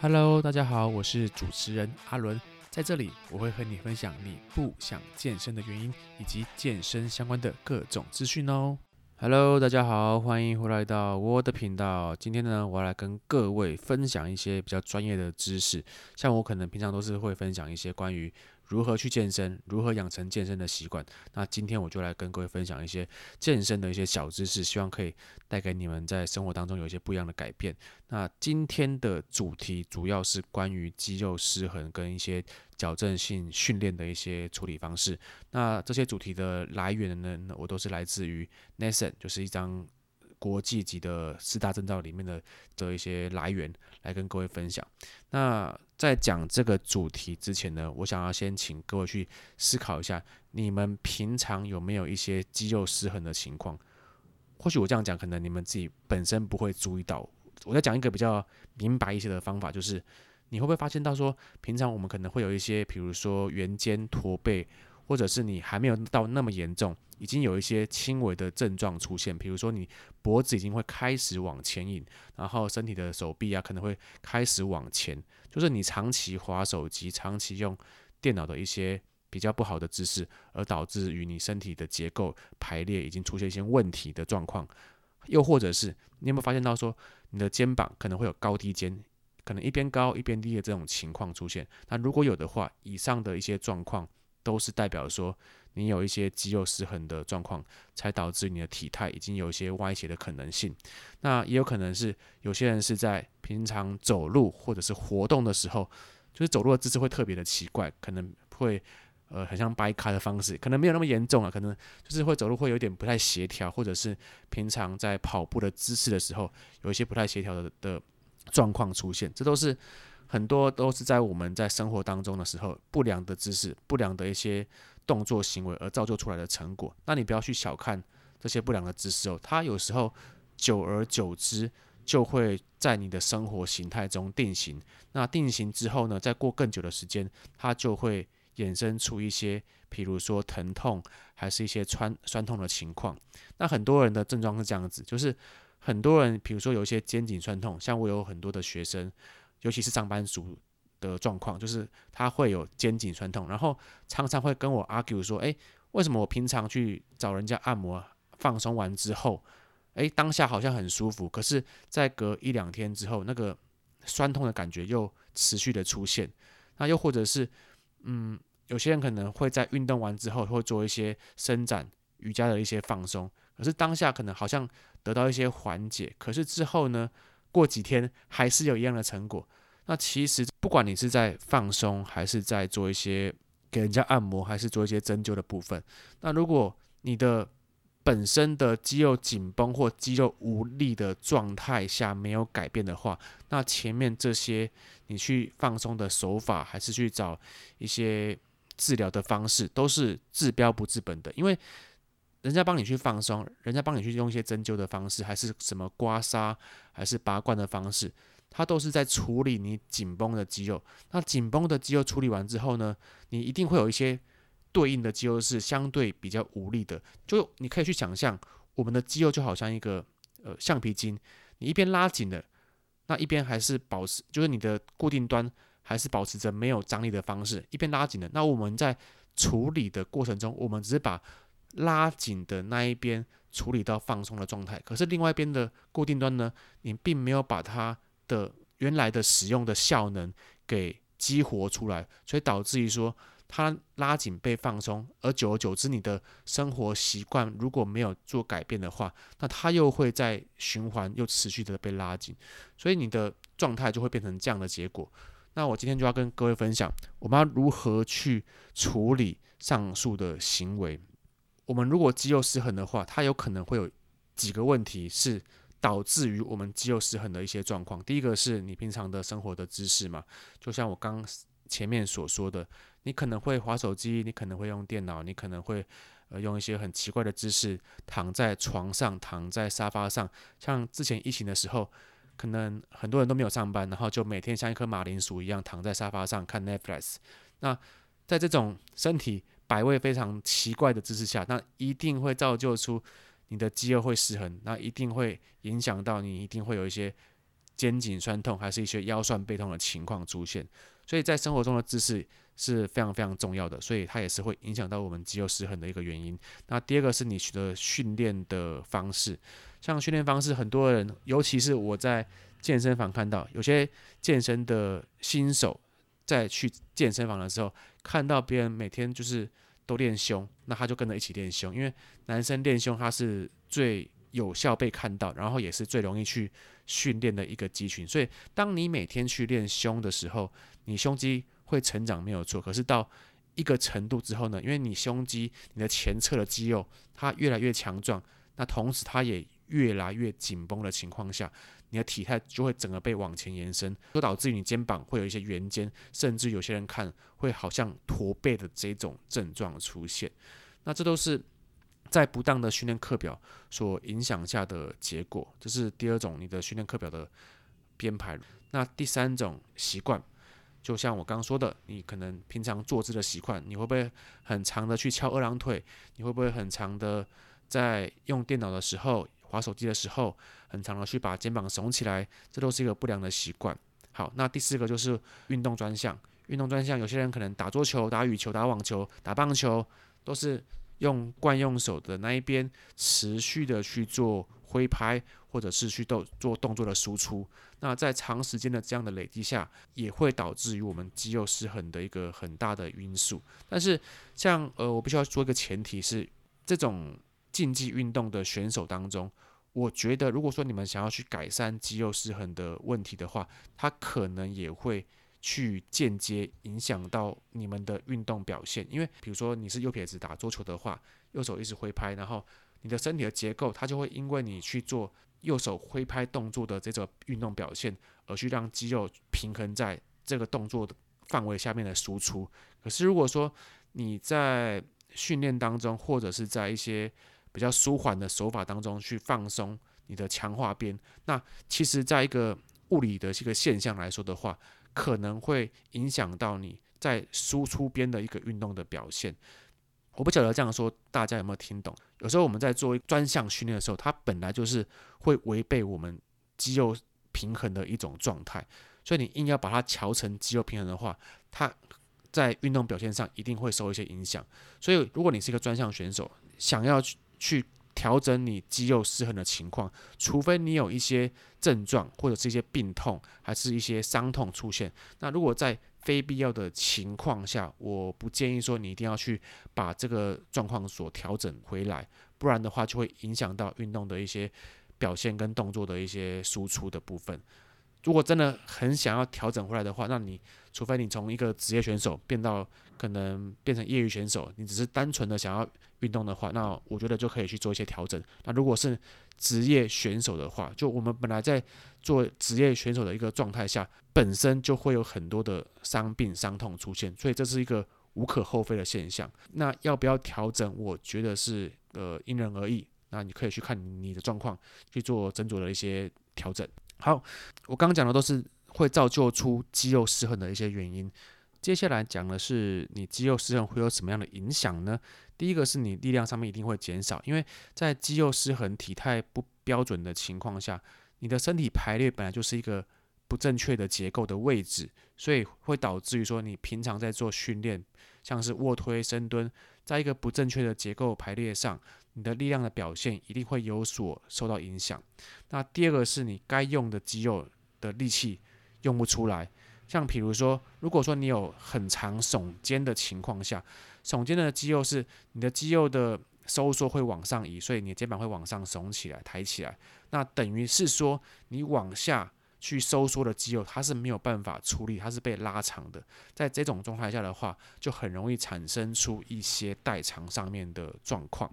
Hello，大家好，我是主持人阿倫，在這裡我會和你分享你不想健身的原因，以及健身相關的各種資訊哦。Hello，大家好，歡迎回來到我的頻道。今天呢，我要來跟各位分享一些比較專業的知識，像我可能平常都是會分享一些關於。如何去健身？如何養成健身的習慣？那今天我就來跟各位分享一些健身的一些小知識，希望可以帶給你們在生活當中有一些不一樣的改變。那今天的主題主要是關於肌肉失衡跟一些矯正性訓練的一些處理方式。那這些主題的來源呢，我都是來自於 NASM，就是一張國際級的四大證照裡面的的一些來源，來跟各位分享。那在講這個主題之前呢，我想要先請各位去思考一下，你們平常有沒有一些肌肉失衡的情況？或許我這樣講，可能你們自己本身不會注意到。我再講一個比較明白一些的方法，就是你會不會發現到說，平常我們可能會有一些，比如說圓肩、駝背。或者是你還沒有到那麼嚴重，已經有一些輕微的症狀出現，比如說你脖子已經會開始往前引，然後身體的手臂啊可能會開始往前，就是你長期滑手機、長期用電腦的一些比較不好的姿勢，而導致於你身體的結構排列已經出現一些問題的狀況。又或者是你有沒有發現到說你的肩膀可能會有高低肩，可能一邊高一邊低的這種情況出現？那如果有的話，以上的一些狀況。都是代表說你有一些肌肉失衡的狀況，才導致你的體態已經有一些歪斜的可能性。那也有可能是有些人是在平常走路或者是活動的時候，就是走路的姿勢會特別的奇怪，可能會呃很像掰咖的方式，可能沒有那麼嚴重啊，可能就是會走路會有點不太協調，或者是平常在跑步的姿勢的時候有一些不太協調的的狀況出現，這都是。很多都是在我們在生活當中的時候，不良的姿勢、不良的一些動作行為而造就出來的成果。那你不要去小看這些不良的姿勢哦，它有時候久而久之就會在你的生活形態中定型。那定型之後呢，再過更久的時間，它就會衍生出一些，譬如說疼痛，還是一些酸酸痛的情況。那很多人的症狀是這樣子，就是很多人，比如說有一些肩頸酸痛，像我有很多的學生。尤其是上班族的狀況，就是他會有肩頸痠痛，然後常常會跟我 argue 說：“誒、欸，為什麼我平常去找人家按摩放鬆完之後，誒、欸，當下好像很舒服，可是，再隔一兩天之後，那個痠痛的感覺又持續的出現。那又或者是，嗯，有些人可能會在運動完之後，會做一些伸展、瑜伽的一些放鬆，可是當下可能好像得到一些緩解，可是之後呢？”過幾天還是有一樣的成果。那其實不管你是在放鬆，還是在做一些給人家按摩，還是做一些針灸的部分。那如果你的本身的肌肉緊繃或肌肉無力的狀態下沒有改變的話，那前面這些你去放鬆的手法，還是去找一些治療的方式，都是治標不治本的，因為。人家幫你去放鬆，人家幫你去用一些針灸的方式，還是什麼刮痧，還是拔罐的方式，它都是在處理你緊繃的肌肉。那緊繃的肌肉處理完之後呢，你一定會有一些對應的肌肉是相對比較無力的。就你可以去想象，我們的肌肉就好像一個呃橡皮筋，你一邊拉緊了，那一邊還是保持，就是你的固定端還是保持着沒有張力的方式，一邊拉緊了。那我們在處理的過程中，我們只是把。拉緊的那一邊處理到放鬆的狀態，可是另外一邊的固定端呢？你並沒有把它的原來的使用的效能給激活出來，所以導致於說它拉緊被放鬆，而久而久之，你的生活習慣如果沒有做改變的話，那它又會在循環又持續的被拉緊，所以你的狀態就會變成這樣的結果。那我今天就要跟各位分享，我們要如何去處理上述的行為。我們如果肌肉失衡的話，它有可能會有幾個問題是導致於我們肌肉失衡的一些狀況。第一個是你平常的生活的姿勢嘛，就像我剛前面所說的，你可能會滑手機，你可能會用電腦，你可能會呃用一些很奇怪的姿勢躺在床上，躺在沙發上。像之前疫情的時候，可能很多人都沒有上班，然後就每天像一顆馬鈴薯一樣躺在沙發上看 Netflix。那在這種身體。擺位非常奇怪的姿勢下，那一定會造就出你的肌肉會失衡，那一定會影響到你，一定會有一些肩頸酸痛，還是一些腰酸背痛的情況出現。所以在生活中的姿勢是非常非常重要的，所以它也是會影響到我們肌肉失衡的一個原因。那第二個是你取得訓練的方式，像訓練方式，很多人，尤其是我在健身房看到，有些健身的新手。在去健身房的時候，看到別人每天就是都練胸，那他就跟着一起練胸，因為男生練胸他是最有效被看到，然後也是最容易去訓練的一個肌群。所以，當你每天去練胸的時候，你胸肌會成長沒有錯。可是到一個程度之後呢，因為你胸肌、你的前側的肌肉它越來越強壯，那同時它也越來越緊繃的情況下，你的體態就會整個被往前延伸，就導致你肩膀會有一些圓肩，甚至有些人看會好像駝背的這種症狀出現。那這都是在不當的訓練課表所影響下的結果。這是第二種你的訓練課表的編排。那第三種習慣，就像我剛剛說的，你可能平常坐姿的習慣，你會不會很常的去翹二郎腿？你會不會很常的在用電腦的時候？滑手機的時候，很常的去把肩膀聳起來，這都是一個不良的習慣。好，那第四個就是運動專項。運動專項，有些人可能打桌球、打羽球、打網球、打棒球，都是用慣用手的那一邊持續的去做揮拍，或者是去動做動作的輸出。那在長時間的這樣的累積下，也會導致於我們肌肉失衡的一個很大的因素。但是像，像呃，我必須要說一個前提是這種。競技運動的選手當中，我覺得，如果說你們想要去改善肌肉失衡的問題的話，它可能也會去間接影響到你們的運動表現。因為，比如說你是右撇子打桌球的話，右手一直揮拍，然後你的身體的結構，它就會因為你去做右手揮拍動作的這種運動表現，而去讓肌肉平衡在這個動作的範圍下面的輸出。可是，如果說你在訓練當中，或者是在一些比較舒緩的手法當中去放鬆你的強化邊，那其實，在一個物理的這個現象來說的話，可能會影響到你在輸出邊的一個運動的表現。我不曉得這樣說大家有沒有聽懂？有時候我們在做專項訓練的時候，它本來就是會違背我們肌肉平衡的一種狀態，所以你硬要把它調成肌肉平衡的話，它在運動表現上一定會受一些影響。所以，如果你是一個專項選手，想要去去調整你肌肉失衡的情況，除非你有一些症狀或者是一些病痛，還是一些傷痛出現。那如果在非必要的情況下，我不建議說你一定要去把這個狀況所調整回來，不然的話就會影響到運動的一些表現跟動作的一些輸出的部分。如果真的很想要調整回來的話，那你除非你從一個職業選手變到可能變成業餘選手，你只是單純的想要運動的話，那我覺得就可以去做一些調整。那如果是職業選手的話，就我們本來在做職業選手的一個狀態下，本身就會有很多的傷病、傷痛出現，所以這是一個無可厚非的現象。那要不要調整，我覺得是呃因人而異。那你可以去看你的狀況，去做斟酌的一些調整。好，我剛剛講的都是會造就出肌肉失衡的一些原因。接下來講的是，你肌肉失衡會有什麼樣的影響呢？第一個是你力量上面一定會減少，因為在肌肉失衡、體態不標準的情況下，你的身體排列本來就是一個不正確的結構的位置，所以會導致於說，你平常在做訓練，像是臥推、深蹲，在一個不正確的結構排列上。你的力量的表現一定會有所受到影響。那第二個是你該用的肌肉的力氣用不出來。像比如說，如果說你有很常聳肩的情況下，聳肩的肌肉是你的肌肉的收縮會往上移，所以你的肩膀會往上聳起來、抬起來。那等於是說，你往下去收縮的肌肉它是沒有辦法出力，它是被拉長的。在這種狀態下的話，就很容易產生出一些代償上面的狀況。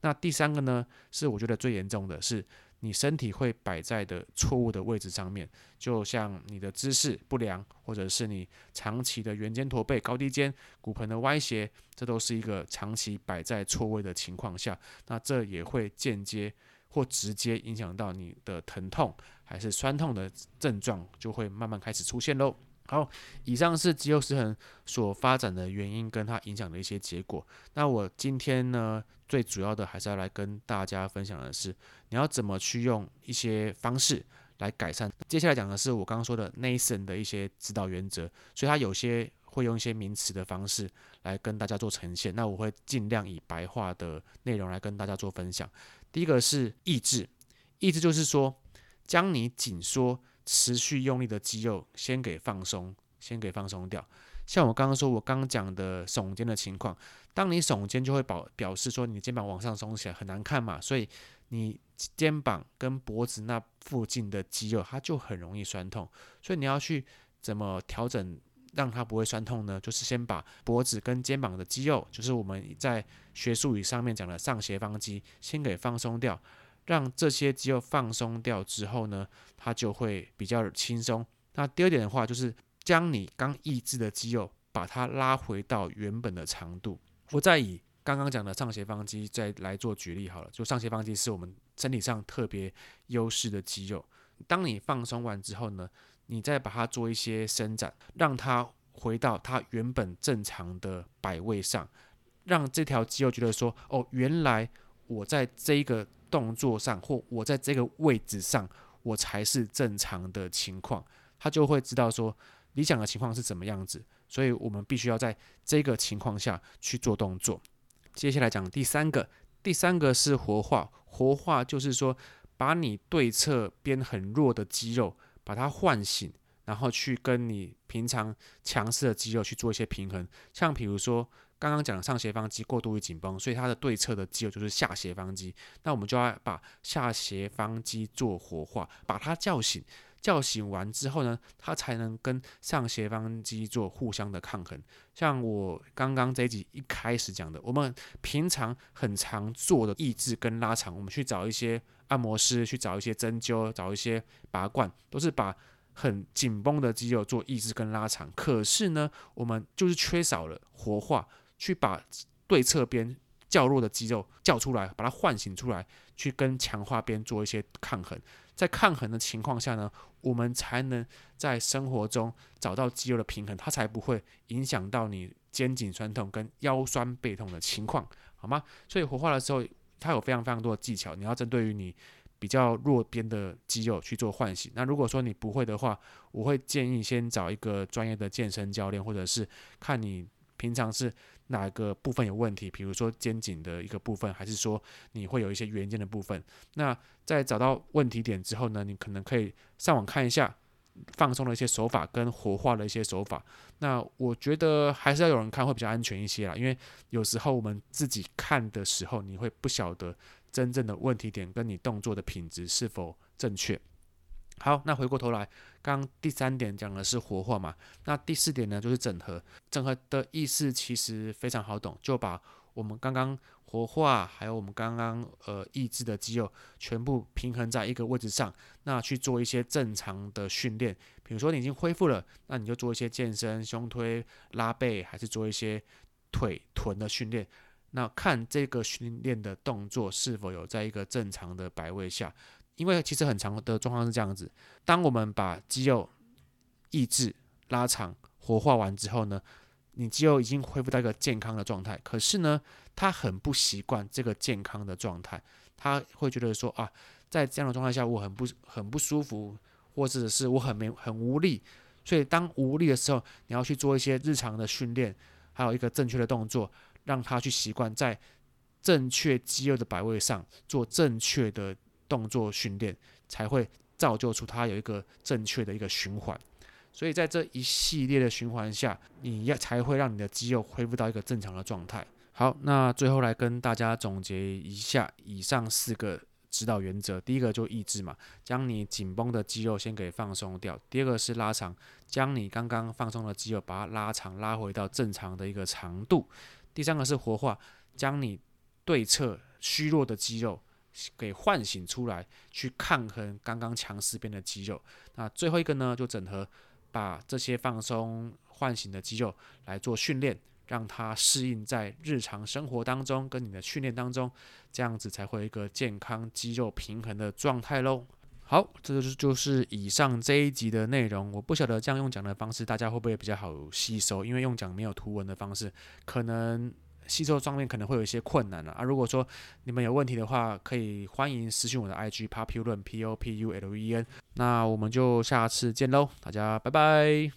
那第三個呢，是我覺得最嚴重的是，你身體會擺在的錯誤的位置上面，就像你的姿勢不良，或者是你長期的圓肩駝背、高低肩、骨盆的歪斜，這都是一個長期擺在錯位的情況下，那這也會間接或直接影響到你的疼痛，還是酸痛的症狀，就會慢慢開始出現嘍。好，以上是肌肉失衡所發展的原因跟它影響的一些結果。那我今天呢，最主要的還是要來跟大家分享的是，你要怎麼去用一些方式來改善。接下來講的是我剛剛說的 Nason 的一些指導原則，所以它有些會用一些名詞的方式來跟大家做呈現。那我會盡量以白話的內容來跟大家做分享。第一個是抑制，抑制就是說，將你緊縮。持續用力的肌肉先給放鬆，先給放鬆掉。像我剛剛說，我剛剛講的聳肩的情況，當你聳肩，就會表表示說你肩膀，往上松起來很難看嘛，所以你肩膀跟脖子那附近的肌肉，它就很容易痠痛。所以你要去怎麼調整讓它不會痠痛呢？就是先把脖子跟肩膀的肌肉，就是我們在學術語上面講的上斜方肌，先給放鬆掉。讓這些肌肉放鬆掉之後呢，它就會比較輕鬆。那第二點的話，就是將你剛抑制的肌肉，把它拉回到原本的長度。我再以剛剛講的上斜方肌再來做舉例好了。就上斜方肌是我們身體上特別優勢的肌肉。當你放鬆完之後呢，你再把它做一些伸展，讓它回到它原本正常的擺位上，讓這條肌肉覺得說：哦，原來我在這一個。動作上，或我在這個位置上，我才是正常的情況，他就會知道說理想的情況是怎麼樣子，所以我們必須要在這個情況下去做動作。接下來講第三個，第三個是活化，活化就是說把你對側邊很弱的肌肉把它喚醒，然後去跟你平常強勢的肌肉去做一些平衡，像比如說。剛剛講上斜方肌過度於緊繃，所以它的對側的肌肉就是下斜方肌。那我們就要把下斜方肌做活化，把它叫醒。叫醒完之後呢，它才能跟上斜方肌做互相的抗衡。像我剛剛這一集一開始講的，我們平常很常做的抑制跟拉長，我們去找一些按摩師，去找一些針灸，找一些拔罐，都是把很緊繃的肌肉做抑制跟拉長。可是呢，我們就是缺少了活化。去把對側邊較弱的肌肉叫出來，把它喚醒出來，去跟強化邊做一些抗衡。在抗衡的情況下呢，我們才能在生活中找到肌肉的平衡，它才不會影響到你肩頸酸痛跟腰酸背痛的情況，好嗎？所以活化的時候，它有非常非常多的技巧，你要針對於你比較弱邊的肌肉去做喚醒。那如果說你不會的話，我會建議先找一個專業的健身教練，或者是看你平常是。哪個部分有問題？比如說肩頸的一個部分，還是說你會有一些圓肩的部分？那在找到問題點之後呢，你可能可以上網看一下放鬆的一些手法跟活化的一些手法。那我覺得還是要有人看會比較安全一些啦，因為有時候我們自己看的時候，你會不曉得真正的問題點跟你動作的品質是否正確。好，那回過頭來。剛第三點講的是活化嘛，那第四點呢就是整合。整合的意思其實非常好懂，就把我們剛剛活化，還有我們剛剛呃抑制的肌肉全部平衡在一個位置上，那去做一些正常的訓練。比如說你已經恢復了，那你就做一些健身、胸推、拉背，還是做一些腿臀的訓練。那看這個訓練的動作是否有在一個正常的擺位下。因為其實很常的狀況是這樣子，當我們把肌肉抑制、拉長、活化完之後呢，你肌肉已經恢復到一個健康的狀態。可是呢，他很不習慣這個健康的狀態，他會覺得說啊，在這樣的狀態下，我很不很不舒服，或者是我很沒很無力。所以當無力的時候，你要去做一些日常的訓練，還有一個正確的動作，讓他去習慣在正確肌肉的擺位上做正確的，動作訓練才會造就出它，有一個正確的一個循環，所以在這一系列的循環下，你要才會讓你的肌肉恢復到一個正常的狀態。好，那最後來跟大家總結一下以上四個指導原則：第一個就抑制嘛，將你緊繃的肌肉先給放鬆掉；第二個是拉長，將你剛剛放鬆的肌肉把它拉長，拉回到正常的一個長度；第三個是活化，將你對側虛弱的肌肉。給喚醒出來，去抗衡剛剛強勢變的肌肉。那最後一個呢，就整合，把這些放鬆喚醒的肌肉來做訓練，讓它適應在日常生活當中跟你的訓練當中，這樣子才會有一個健康肌肉平衡的狀態嘍。好，這就就是以上這一集的內容。我不曉得這樣用講的方式，大家會不會比較好吸收？因為用講沒有圖文的方式，可能。吸收上面可能會有一些困難了啊，啊！如果說你們有問題的話，可以歡迎私訊我的 IG populuen p o p u l e n。那我們就下次見嘍，大家拜拜。